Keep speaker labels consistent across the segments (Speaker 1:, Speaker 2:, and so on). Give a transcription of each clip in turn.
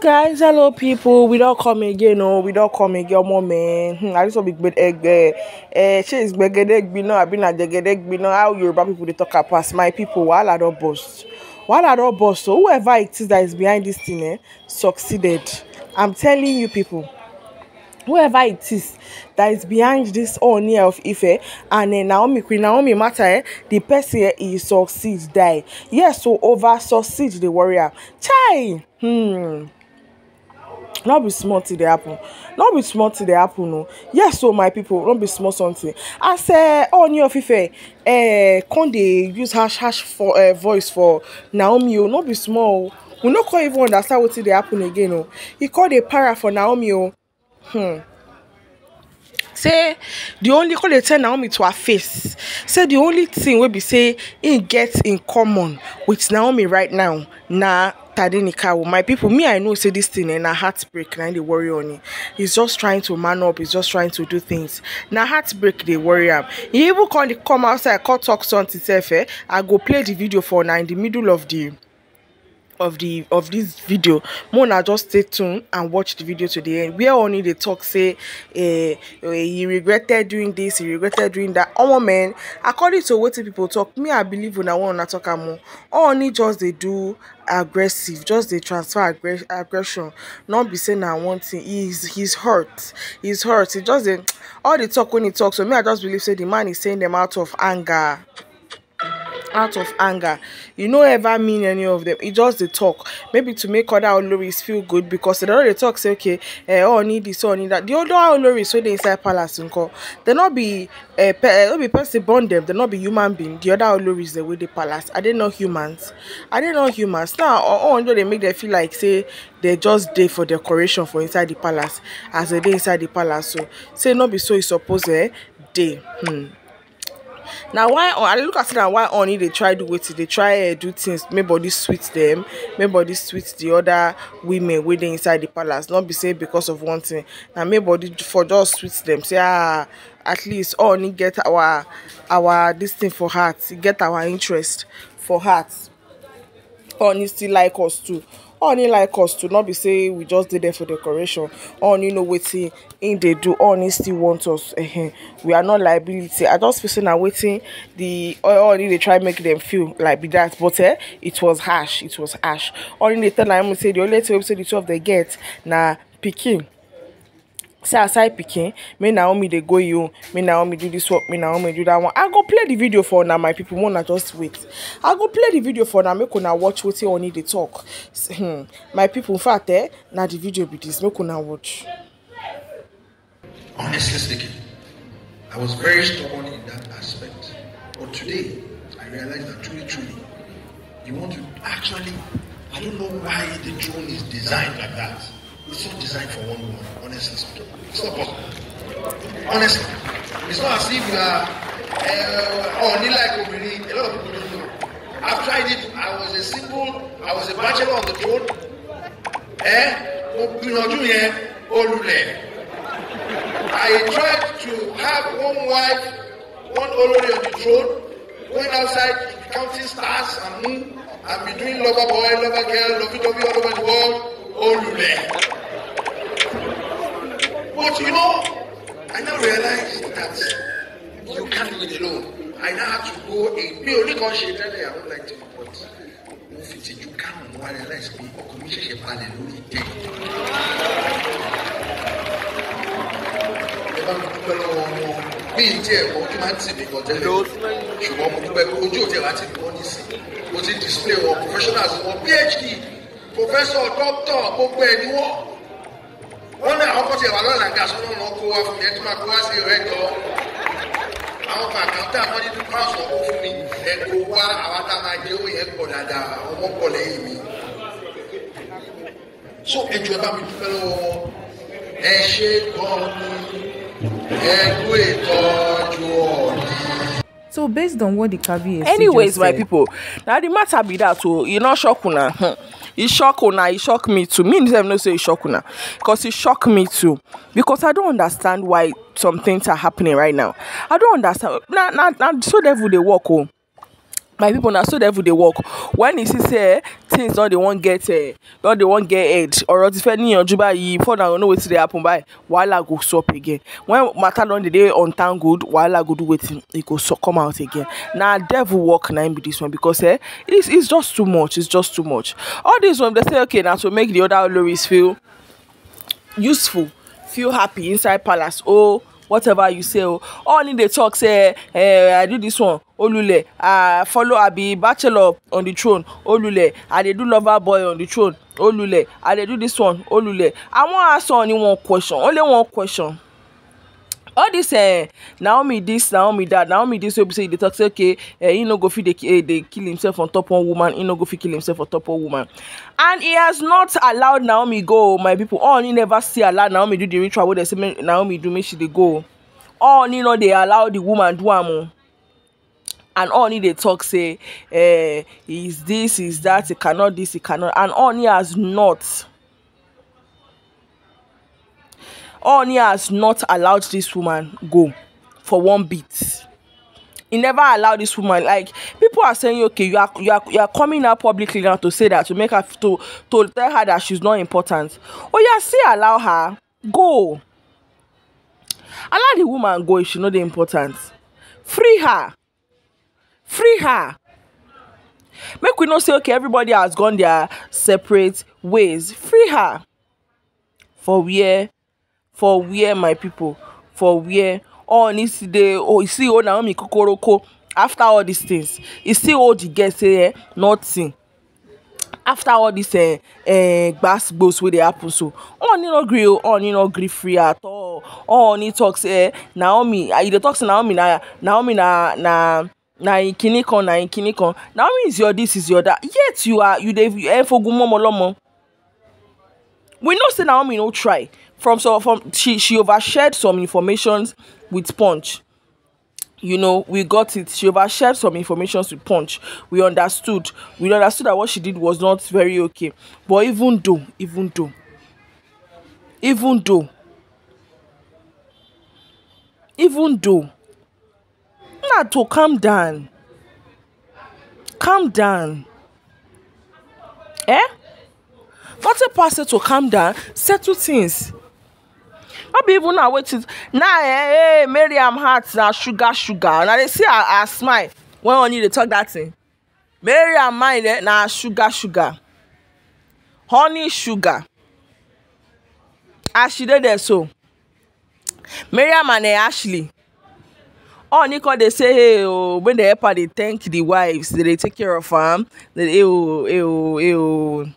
Speaker 1: guys hello people we don't come again o oh. we don't come again ọmọ mi hmm, i just want to be egg. Eh, she eh, is egg. know. I've gbẹgẹdẹ gbiná àbí egg. jẹgẹdẹ know. how yoruba people they talk am my people While I don't boast, while I don't boast. so whoever it is that is behind this thing eh, succeeded i'm telling you people whoever it is that is behind this Ooni of Ife and uh, Naomi Queen Naomi matter eh, the person eh, he succeed die yes so over succeed the warrior chai hmm not be small thing dey happen not be small thing dey happen o yes o oh, my people no be small something as uh, oh, Ooni of Ife uh, eh, come dey use harsh harsh for, uh, eh, voice for Naomi o oh. no be small o we no come even understand wetin dey happen again o he come dey para for Naomi o hmm. say the only come dey tell Naomi to her face say the only thing wey be say im e get in common with Naomi right now na Tadenikawo, my people, me, I know say this thing and eh, a heartbreak and they worry on it. He's just trying to man up, he's just trying to do things. Now heartbreak they worry him. He even come, come outside, I call talk something, eh? I go play the video for now in the middle of the of the of this video Mona, just stay tuned and watch the video to the end where oni dey talk say eh, uh, he regretted doing this he regretted doing that omo oh, men according to what people talk me i believe when I want to talk more. Only just they do aggressive just they transfer aggress aggression Not be saying I one thing he's he's hurt he's hurt he just all the talk when he talks. so me i just believe say the man is saying them out of anger out of anger you no ever mean any of them e just the talk maybe to make other oloris feel good because they already talk say okay eh oh need this oh need that the other oloris wey dey inside palace nko they not be eh pe eh, no be person bond them. They not be human being the other oloris dem with the palace are they not humans are they not humans now ohanjo they make dem feel like say they just there for decoration for inside the palace as they inside the palace so say not be so e suppose eh dey. Hmm na why i look as na why honey dey try do wetin dey try uh, do things make body sweet dem make body sweet the other women wey dey inside the palace no be say because of one thing na make body for just sweet dem say ah at least honey get our our this thing for heart he get our interest for heart honey still like us too honey like us to not be say we just did there for decoration honey know waiting, im they do honey still want us we are not liability i just feel say waiting. wetin the honey they try make them feel like be that but eh it was harsh it was harsh honey dey tell na im say the only thing wey be say the two of dem get na picking say aside pikin make naomi dey go you make naomi do this work make naomi do that one i go play the video for una my people una just wait i go play the video for una make una watch wetin oni dey talk hmm. my people in fact eh na the video be this make una watch. honestly speaking i was very stubborn in that aspect but today i realize that truly truly you want to actually i don't know why the drone is designed like that. It's not designed for one woman, honestly speaking. It's not possible. Honestly. It's not as if you are uh, uh only oh, like Obiri. A lot of people don't know. I've tried it. I was a single, I was a bachelor on the throne. Eh? Gbìyànjú yẹn, olùlẹ̀. I tried to have one wife, one olórí on the throne, going outside, counting stars and moon, and be doing lover boy, lover girl, lovey-dovey all over the world olùlẹ̀. But you know, I now realize that you can't do it alone. I now have to go a mi ò ní kan ṣe tẹ́lẹ̀ àwọn like to report. Mo fi tìjú kárùn ún wá realize pé ọkọ mi ṣẹ̀ṣẹ̀ balẹ̀ lórí ìtẹ́. Ẹ bá mi dúpẹ́ lọ́wọ́ ọmọ mi ì tí ẹ̀kọ́ kí máa ń tì mí gan tẹ́lẹ̀. Ṣùgbọ́n mo dúpẹ́ pé ojú òtẹ̀ wá ti bọ́ nísìnyí. Mo ti display wọn professionals wọn PhD pòfẹ́sọ̀ dókítà gbogbo ẹ̀ ni wọ́n wọ́n ní àwọn kọ́sẹ̀ wà lọ́nà àgàsọ́ náà lọ́ kó wa fún mi ẹ̀ tó máa kó wá sí rẹ̀ jọ àwọn kàkàntà wọn ní two thousand kó fún mi ẹ̀ kó wá àwọn tá a máa jẹ́ ó yẹ pọ̀ dáadáa àwọn ọmọ pọ̀ lẹ́yìn mi so ẹjọ bá mi dúpẹ́ lọ́wọ́ ẹ ṣe gan ni ẹ kú ìtọ́jú ọ̀rọ̀ so based on what the kabiyesi anyways my people. Now the matter be that, o e no shock una It shock una e shock me too me them no say e shock una because it shock me too because i don't understand why some things are happening right now i don't understand Now, now, now. so devil dey work o. Oh my people na so devil dey work when e see say things don dey wan get eh, don dey wan get head ọ̀rọ̀ ti fẹ́ níyànjú báyìí before una know wetin dey happen báyìí wahala go sup again when matter don dey dey untangled wahala go do wetin e go come out again na devil work na im be this one because eh, it's, it's just too much it's just too much all this one dey say okay na to make the other oloris feel useful feel happy inside palace oh whatever you say o all in dey talk say eh, i do this one olule i follow Abi, bachelor on the throne olule i dey do lover boy on the throne olule i dey do this one olule àwọn aṣọ only one question only one question all this eh naomi this, naomi that, naomi this. wey be say e dey talk say okay eh, he no go fit eh, dey kill himself on top one woman he no go fit kill himself on top one woman and he has not allowed naomi go my people all oh, he never still allow naomi do the ritual wey dem say make naomi do make she dey go all oh, he no dey allow the woman do am o oh. and all he dey talk say eh is this is that he cannot this he cannot and all he has not. Ooni has not allowed this woman go for one bit. He never allowed this woman. Like people are saying, okay, you are you are, you are coming out publicly now to say that to make her to to tell her that she's not important. Oh yeah, see, allow her go. Allow the woman go if she's not important. Free her. Free her. Make we not say okay, everybody has gone their separate ways. Free her. For where for where my people for where oh, all need to dey oh you see oh naomi kokoroko after all these things you see oh the girl say eh nothing after all this eh, eh, gbas gbos wey dey happen so oni oh, no gree o oh, oni no gree free at all oni talk say eh, naomi ah, you dey talk say naomi na naomi na na na im kini kan na im kini kan naomi is your this is your that yet you are you dey enfogun eh, mọmọlọmọ we know say naomi no try from so from she she overshared some information with punch you know we got it she overshared some information with punch we understood we understood that what she did was not very okay but even though even though even though even though na to calm down calm down eh nothing pass it to calm down settle things no be even na wetin now eh, eh Mary, I'm hot now. sugar sugar Now they see I her smile when only they talk that thing Mary, I'm mine eh now. sugar sugar honey sugar as she dey there so maryam and eh, ashley honey oh, come they say hey o oh, when the help her thank the wives they take care of them. They, hey o hey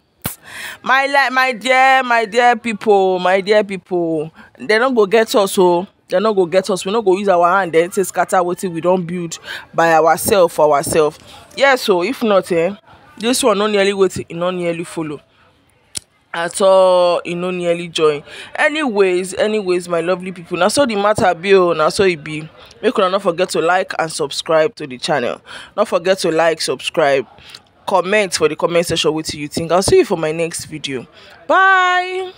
Speaker 1: my like my dear my dear people, my dear people. They don't go get us oh! They don't go get us we don't go use our hand then eh, take scatter wetin we don't build by ourselves for ourselves yes So if not eh this one not nearly wetin e no nearly follow at all e no nearly join anyways anyways my lovely people Now, so the matter be now so it e be make una not forget to like and subscribe to the channel no forget to like subscribe comment for the comment section what you think i'll see you for my next video bye